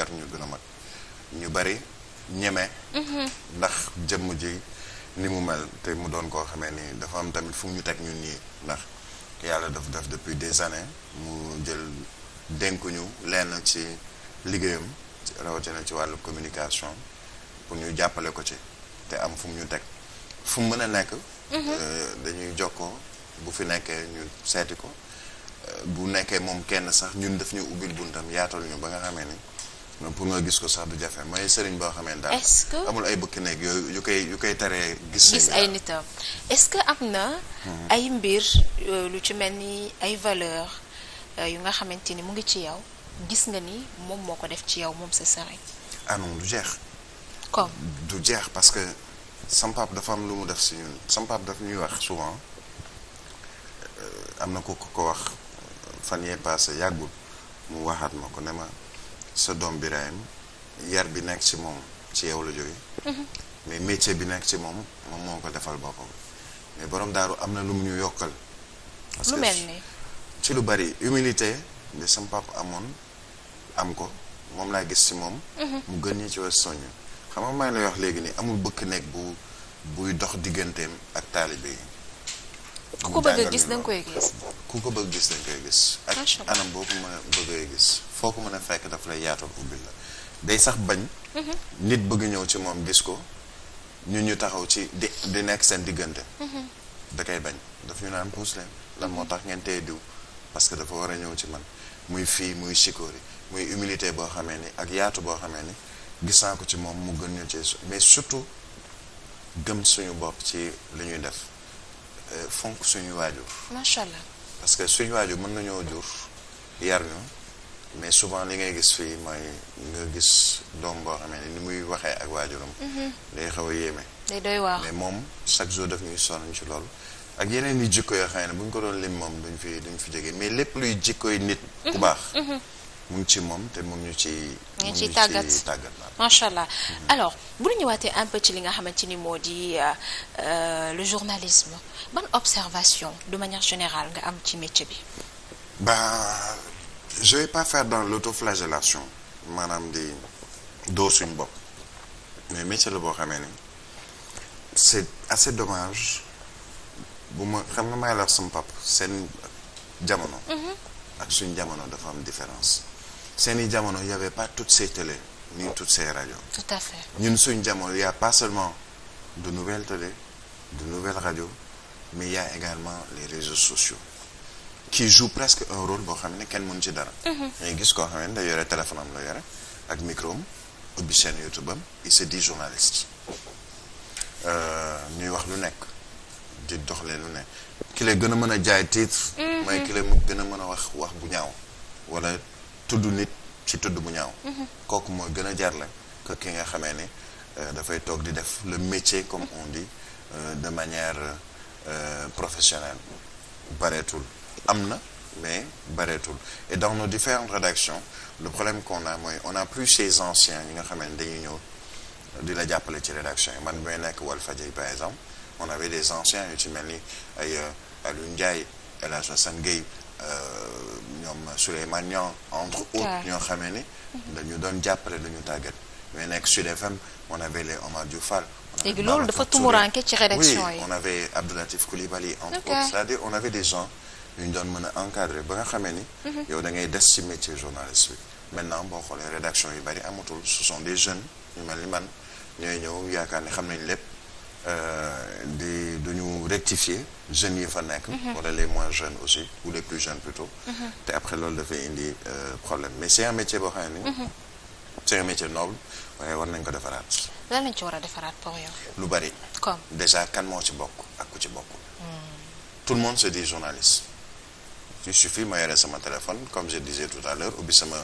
er ñu gën a mag ñu bari ñeme mhm. ndax jëmm ji ni mu mel te mu doon koo xamee ni dafa am tamit fu mu ñu teg ñun nii ndax yàlla daf def depuis des années mu jël dénkuñu lenn ci liggéeyam ci rawatina ci wàllu communication pour ñu jàppale ko ci te am fu mu ñu teg fu mu mën a nekk mhm. euh, dañuy jokkoo bu fi nekkee ñu seeti ko euh, bu nekkee moom kenn sax ñun daf ñu ubbil buntam yaatal ñu ba nga xamee ni pour nga gis ko sax du jafe mooy sëriñ boo xamee daal. est-ce amul ay bëkk néeg yooyu yu koy yu koy taree. gis gis ay nitam est-ce que am na. Hmm. ay mbir euh, lu ci mel ni ay valeur euh, yu nga xamante ni mu ngi ci yow gis nga ni moom moo ko def ci yow moom sa sëriñ. ah non du jeex. comme du jeex parce que sam dafa am lu mu def si ñu sam daf ñuy wax souvent euh, am na ko ko ko wax fan yee passé yàggul mu waxaat ma ko ne ma. sa doom Birahim yar bi nag ci moom ci yow la jóge mhm. mais métier bi nekk ci moom moom moo ko defal boppam mais borom daaru am na lu mu ñu yokkal parce que ci lu bari humilité bi sama amoon am ko moom laa gis ci moom mhm. mu gën ñi ci wa soññ xam nga may lay wax léegi nii amul bëkk nekk bu buy dox digganteem ak taalibe ku ko bëgg a gis da koy gis. ku ko bëgg gis da koy gis. ak anam boo ko mën a bëggee gis foo ko mën a fekk daf lay yaatal ubbil la day sax bañ. Mhm. nit bëgg ñëw ci moom gis ko ñu ñu taxaw ci di di nekk seen diggante. Mhm. da koy bañ daf ñu naan puus leen lan moo mhm. tax ngeen tey diw parce que dafa war a ñëw ci man muy fii muy sikóori muy humilité boo xamee ni ak yaatu boo xamee ni gis naa ko ci moom mu gën ñu ci mais surtout gëm suñu bopp ci lu ñuy def. fonk suñu waajur. macha allah parce que suñu waajur mën nañoo jur yar ñu mais souvent li ngay gis fii mooy nga gis doom boo xamee ne ni muy waxee ak waajuram. Mhm. day xaw a yéeme. day doy waar mais moom chaque jour daf ñuy sonn ci lool ak yeneen i jikko yoo xam ne bu ñu ko doon lim moom duñ fi duñ fi jógee mais lépp luy jikkoy nit. bu baax. Mhm. Mhm. mu ngi ci moom te mu ngi ci. mu ngi ci tàggat macha allah mm-hmm. alors bu ñu ñëwaatee un peu ci li nga xamante ni moo di euh, euh, le journalisme ban observation de manière générale nga am ci métier bi. ba je vais pas faire dans l'autoflagellation maanaam di doo suñ bopp mais métier la boo xamee ni c'est assez dommage bu ma xam nga may la sama seen jamono. Mm-hmm. ak suñ jamono dafa am différence. seeni jamono y avait tout toutes ces télé ni toutes ces radios. tout à fait ñun suñ jamono y a pas seulement de nouvelles télé de nouvelles radios mais il également les réseaux sociaux. qui joue presque un rôle boo xam ne kenn mënu ci dara. Mhm. ngay gis koo xam ne day yore téléphone am la yore ak micro am ubbi chaîne YouTube am il se dit journaliste euh, ñuy wax lu nekk di dox leen lu nekk ki lay gën a mën a jaay titre. Mhm. mooy ki lay gën a mën a wax wax bu ñaaw tudd nit ci tudd bu ñaaw. Mhm. kooku mooy gën a jaarale que ki nga xamee ne euh, dafay toog di def le métier comme mhm. on dit euh, de manière euh, professionnelle bareetul am na mais bareetul et dans nos différentes rédactions le problème qu'on a mooy on a plus ces anciens ñi nga xamee ne dañuy ñëw di la jàppale ci rédaction yi man bi nekk nekk Walfadjri par exemple on avait des anciens yu ci mel ni ay Aliou Ndiaye El Hadj Assane Gueye Souleymane Niang entre autres ñoo xamee ni mhm. dañu doon jàppale dañu tàggat mais nekk Sud FM on avait les Omar Diouf Fall léegi loolu dafa tumuranke ci rédaction yi oui on avait Abdoulatif Coulibaly entre autres c'est-à-dire on avait des gens ñu doon mën a encadrer ba nga xamee ni mhm. yow da ngay des ci métier journaliste bi maintenant boo xoolee rédaction yu bari amatul ce sont des jeunes ñu mel ni man ñooy ñëw yaakaar ne xam nañ lépp di euh, duñu rectifier jeunes yi fa nekk. wala mhm. les moins jeunes aussi ou les plus jeunes plutôt. Mhm. te après loolu dafay indi euh, problème mais c'est un boo xam ne. Mhm. c'est un métier noble waaye war nañ ko defaraat. lan lañ ci war a defaraat pour yow. lu bari. comme déjà kan moo ci bokk ak ku ci bokk. Hmm. tout le monde se dit journaliste. il suffit ma yore sama téléphone comme je disais tout à l'heure ubbi sama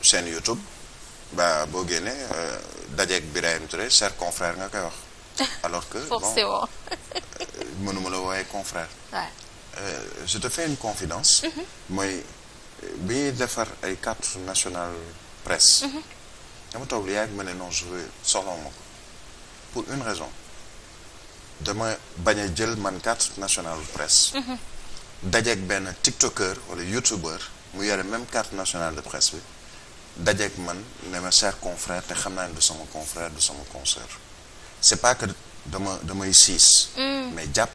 chaîne YouTube ba boo génnee euh, dajeeg Birahim Touré cher confrère nga koy wax. alors que forcément bon euh, mënuma la wooyee confrère. Euh, je te fais une confidence. Mm-hmm. mooy euh, bi ñuy defar ay carte nationale presse. Mm-hmm. dama toog lu yàgg ma ne non je veux soxla ma ko pour une raison dama bañ a jël man carte nationale presse. Mm-hmm. dajeeg benn tiktoker wala youtubeur mu yore même quatre national de presse bi dajeeg man ne ma cher confrère te xam naa ne du sama confrère du sama consoeur. c'est pas que dama damay siis mm. mais jàpp